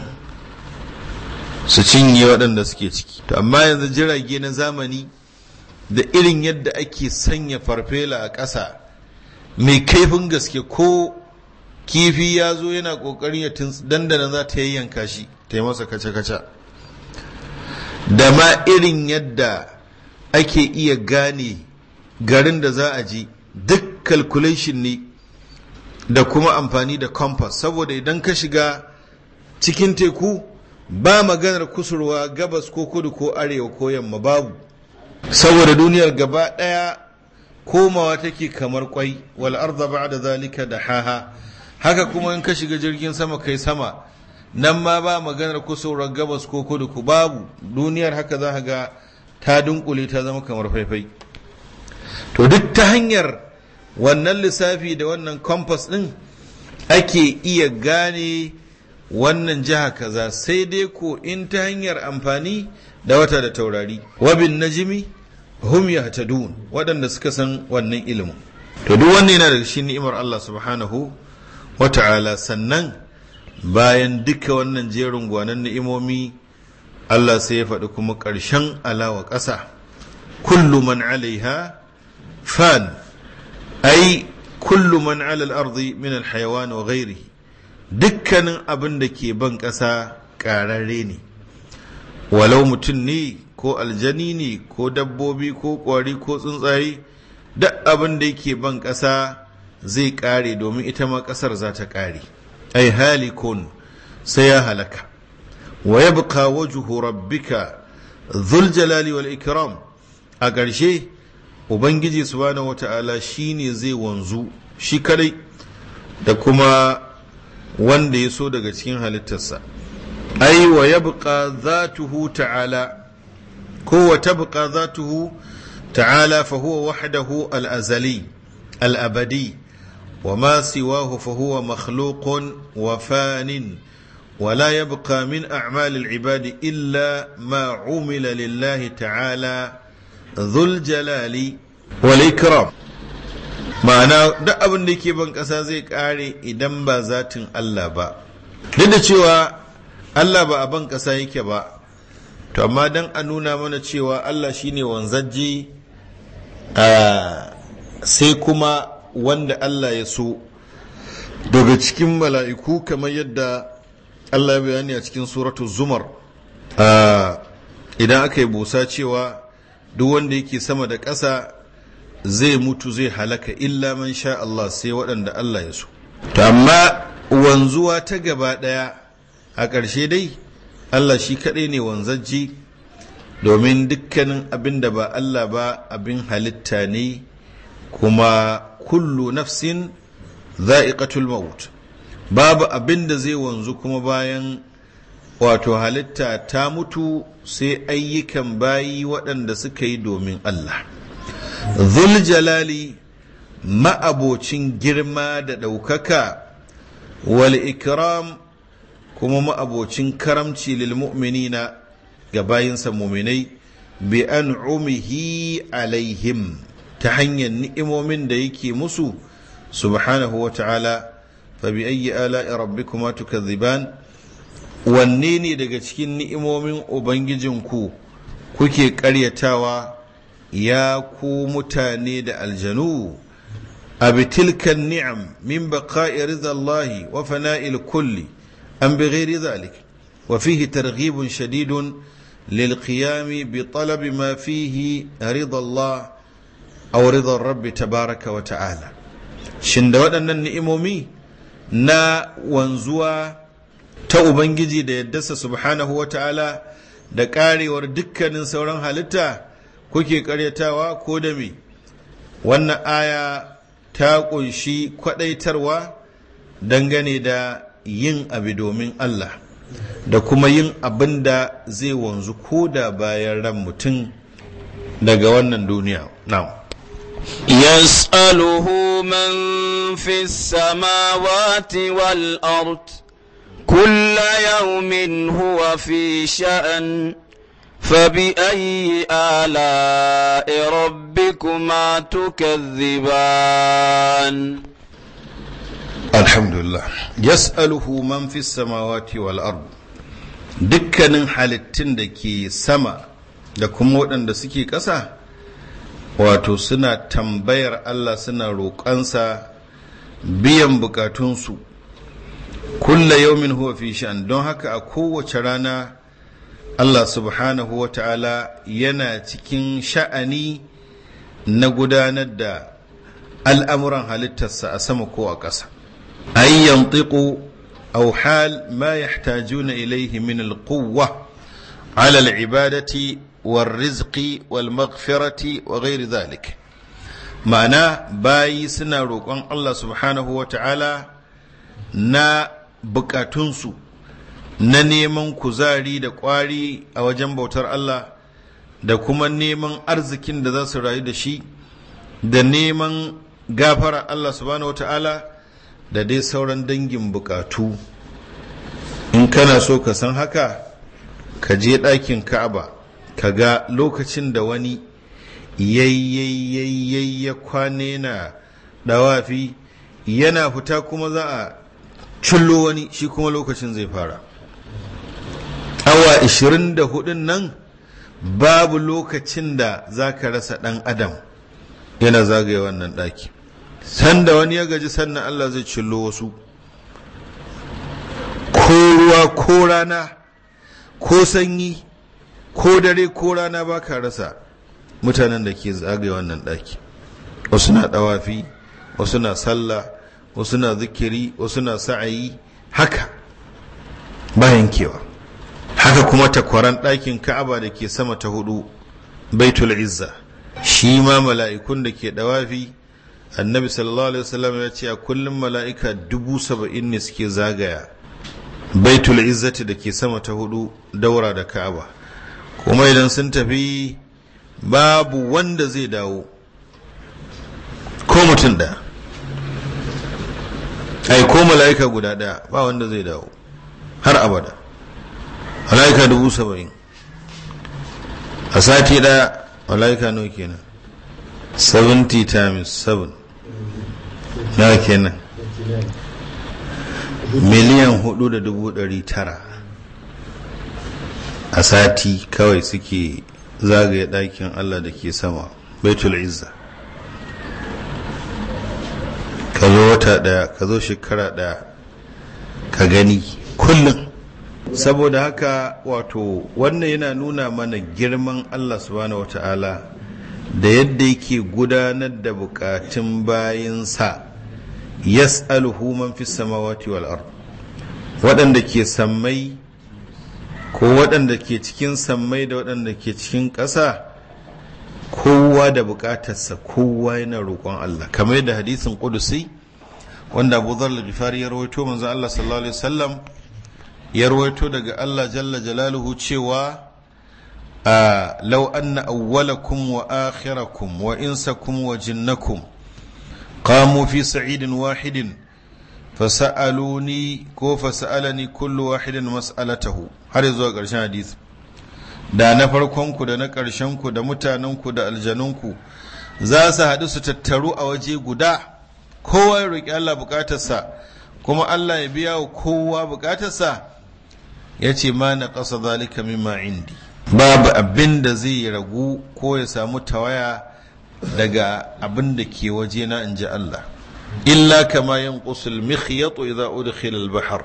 su cinye waɗanda suke ciki to amma yanzu jirage na zamani da irin yadda ake sanya farfela a ƙasa mai kaifin gaske ko kifi ya zo yana ƙoƙarin ya dandana za ta yayyanka shi ta yi masa kace-kace da ma irin yadda ake iya gane garin da za a je. duk calculation ne da kuma amfani da compass saboda idan ka shiga cikin teku ba maganar kusurwa gabas ko kudu ko arewa ko yamma babu saboda duniyar gaba ɗaya komawa take kamar kwai wal arda ba'da zalika da haha haka kuma in ka shiga jirgin sama kai sama nan ma ba maganar kusurwa gabas ko kudu ku babu duniyar haka za ga ta dunkule ta zama kamar faifai to duk ta hanyar wannan lissafi da wannan compass ɗin ake iya gane wannan jiha kaza sai dai ko in ta hanyar amfani da wata da taurari wabin najimi hum yahtadun waɗanda suka san wannan ilimin to duk wannan yana daga shi ni'imar Allah subhanahu wa ta'ala sannan bayan duka wannan jerin gwanan ni'imomi Allah sai ya faɗi kuma ƙarshen alawa ƙasa kullu man alaiha Fan. Ai كل من على الأرض من الحيوان وغيره دكان أبن دكي بنك أسا كاراريني ne. متني ko aljani ne ko dabbobi ko ƙwari ko tsuntsaye da abin da yake ban ƙasa zai ƙare domin ita ma ƙasar za ta ƙare ai halikun sai ya halaka wa yabqa wajhu rabbika dhul jalali wal ikram a ƙarshe ubangiji subhanahu wata'ala ne zai wanzu shi kadai da kuma wanda ya so daga cikin halittarsa ai wa yabqa zatuhu ta'ala ko wa tabqa zatuhu ta'ala fa huwa wahdahu al-azali al-abadi wa ma siwahu fa huwa makhluqun wa fanin ولا min من أعمال العباد إلا ما عمل Lillahi Ta'ala. zuljalali. jalali wal ma'ana duk abin da ke ban ƙasa zai ƙare idan ba zatin Allah ba duk da cewa Allah ba a ban ƙasa yake ba to amma don a nuna mana cewa Allah shine wanzajji sai kuma wanda Allah ya so daga cikin mala'iku kamar yadda Allah ya bayani a cikin suratu zumar idan aka yi busa cewa duk wanda yake sama da ƙasa zai mutu zai halaka illa man sha Allah sai waɗanda Allah ya so to amma wanzuwa ta gaba ɗaya a ƙarshe dai Allah shi kaɗai ne wanzajji domin dukkanin abin da ba Allah ba abin halitta ne kuma kullu nafsin za'iqatul maut babu abin da zai wanzu kuma bayan wato halitta ta mutu sai ayyukan bayi waɗanda suka yi domin Allah zuljalali ma'abocin girma da ɗaukaka wal ikram kuma ma'abocin karamci lil mu'minina ga bayinsa muminai bi an umihi alaihim ta hanyar ni'imomin da yake musu subhanahu wa ta'ala fa bi ayyi ala'i rabbikuma tukadhiban wanne ne daga cikin ni'imomin ubangijinku kuke ƙaryatawa ya ku mutane da aljanu abitilkan ni'am min baqa'i rizallahi wa fana'il kulli an bi ghairi zalik wa fihi targhibun shadidun lil qiyami bi talabi ma fihi ridallah aw ridar rabbi tabaraka wa ta'ala shin da waɗannan ni'imomi na wanzuwa ta ubangiji da dasa subhanahu wa ta'ala da ƙarewar dukkanin sauran halitta kuke ƙaryatawa ko da me wannan aya ta ƙunshi kwaɗaitarwa dangane da yin abu domin Allah da kuma yin abin da zai wanzu ko da bayan ran mutum daga wannan duniya now يسأله من في السماوات والأرض كل يوم هو في شأن فبأي آلاء ربكما تكذبان الحمد لله يسأله من في السماوات والأرض dukkanin halittun da ke sama da kuma waɗanda suke ƙasa wato suna tambayar Allah suna roƙonsa biyan buƙatunsu. kulla yaumin huwa fi shan don haka a kowace rana Allah subhanahu wa ta'ala yana cikin sha'ani na gudanar da al'amuran halittarsa a sama ko a ƙasa ayyan tiku au hal ma yahtajuna ilaihi min alquwwa ala al'ibadati wal rizqi wal maghfirati wa ghairi zalik ma'ana bayi suna roƙon Allah subhanahu wa ta'ala na bukatunsu na neman kuzari da kwari a wajen bautar Allah da kuma neman arzikin da za su rayu da shi da neman gafara Allah subhanahu wa ta'ala da dai sauran dangin bukatu in kana so ka san haka ka je ɗakin ka'aba ka ga lokacin da wani yayyayyayya kwane na dawafi yana fita kuma za a Cullo wani shi kuma lokacin zai fara awa 24 nan babu lokacin da za ka rasa ɗan adam yana zagaye wannan ɗaki sanda wani ya gaji sannan allah zai cullo wasu ko ruwa ko rana ko sanyi ko dare ko rana ba ka rasa mutanen da ke zagaye wannan ɗaki wasu na ɗawafi wasu na sallah wasu na zikiri wasu na sa'ayi haka bayan kewa haka kuma takwaran ɗakin ka'aba da ke sama ta hudu baitul izza shi ma mala'ikun da ke ɗawafi. annabi sallallahu alaihi wasallam ya ce a kullum mala'ika dubu saba'in ne suke zagaya baitul izzati da ke sama ta hudu daura da ka'aba kuma idan sun tafi babu wanda zai dawo ko mutum da ai ko mala'ika guda daya ba wanda zai dawo har abada mala'ika dubu saba'in a sati daya mala'ika nawa kenan 70 times 7 na kenan miliyan hudu da dubu dari tara a sati kawai suke zagaye ɗakin allah da ke sama baitul izza wata ɗaya ka zo shekara ɗaya ka gani kullum saboda haka wato wannan yana nuna mana girman allah subhanahu wa ta'ala da yadda yake gudanar da bukatun bayinsa yas'aluhu man fi samawati wal ard waɗanda ke sammai ko waɗanda ke cikin sammai da waɗanda ke cikin ƙasa kowa da bukatarsa kowa yana roƙon Allah kamar da hadisin ƙudusi wanda Abu Dharr al-Ghifari ya rawaito manzon Allah sallallahu alaihi wasallam ya rawaito daga Allah jalla jalaluhu cewa lau anna awwalakum wa akhirakum wa insakum wa jinnakum qamu fi sa'idin wahidin fasa'aluni ko fasa'alani kullu wahidin mas'alatahu har zuwa ƙarshen hadisi da na farkonku da na ƙarshenku da mutanenku da aljanunku za su haɗu su tattaru a waje guda kowa ya roƙi Allah bukatarsa kuma Allah ya biya wa kowa bukatarsa ya ce ma na ƙasa zalika mimma indi babu abin da zai ragu ko ya samu tawaya daga abin da ke waje na in ji Allah illa kama yin ƙusul mikhyatu idza udkhila al-bahr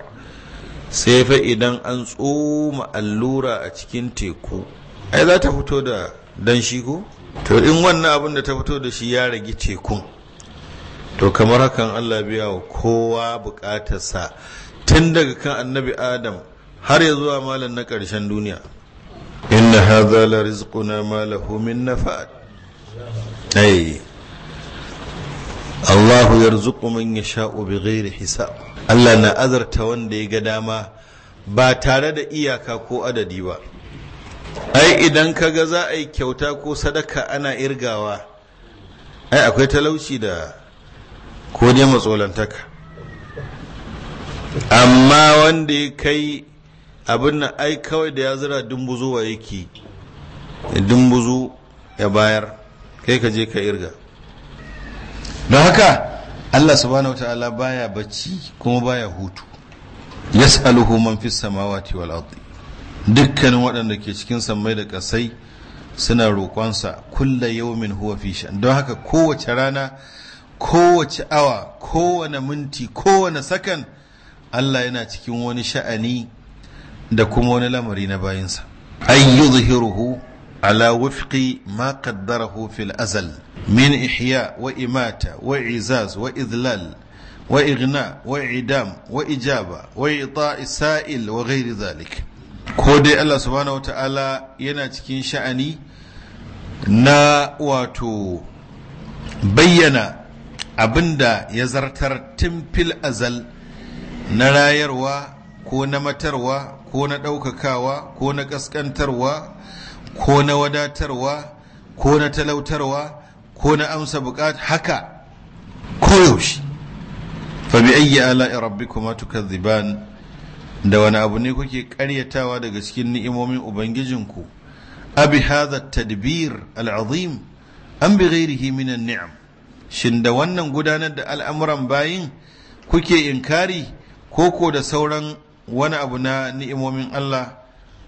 sai fa idan an tsoma allura a cikin teku ai za ta fito da danshi ko to in wannan abin da ta fito da shi ya ragi tekun to kamar hakan Allah biya wa kowa bukatarsa tun daga kan annabi adam har ya zuwa malam na ƙarshen duniya inna hadha la rizquna ma min nafa'at ay Allahu yarzuqu man yasha'u bighairi hisab Allah na azarta wanda ya ga dama ba tare da iyaka ko adadi ba ai idan kaga za a yi kyauta ko sadaka ana irgawa ai akwai talauci da ko dai matsolantaka amma wanda ya kai abin na ai kawai da ya zira dumbuzo yake dumbuzo ya bayar kai ka je ka irga don haka Allah subhanahu ta'ala baya bacci kuma baya hutu yas'aluhu man fis samawati wal ardi dukkanin waɗanda ke cikin sammai da ƙasai suna roƙonsa kulla yawmin huwa fi don haka kowace rana kowace awa kowane minti kowane sakan Allah yana cikin wani sha'ani da kuma wani lamari na bayansa an yuzhiruhu ala wifqi ma qaddarahu fil azal min ihya wa imata wa izaz wa idlal wa igna wa idam wa ijaba wa ita isail, wa ghairi zalik ko dai Allah subhanahu wa ta'ala yana cikin sha'ani na wato bayyana abinda ya zartar tun fil azal na rayarwa ko na matarwa ko na ɗaukakawa ko na ƙasƙantarwa ko na wadatarwa ko na talautarwa ko na amsa buƙat haka koyaushe fa bi ayyi ala'i rabbikuma tukadhiban da wani abu ne kuke ƙaryatawa daga cikin ni'imomin ubangijinku abi hadha tadbir al'azim an bi ghairihi min ni'am shin da wannan gudanar da al'amuran bayin kuke inkari ko ko da sauran wani abu na ni'imomin Allah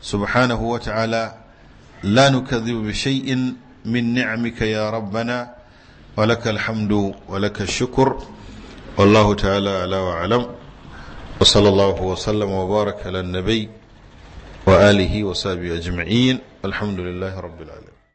subhanahu wa ta'ala la nukadhibu bi shay'in min ni'amika ya rabbana wa hamdu wa lakal shukur. wallahu ta'ala ala wa alam wa sallallahu wa sallama wa baraka ala wa alihi wa sahbihi ajma'in alhamdulillahi rabbil alamin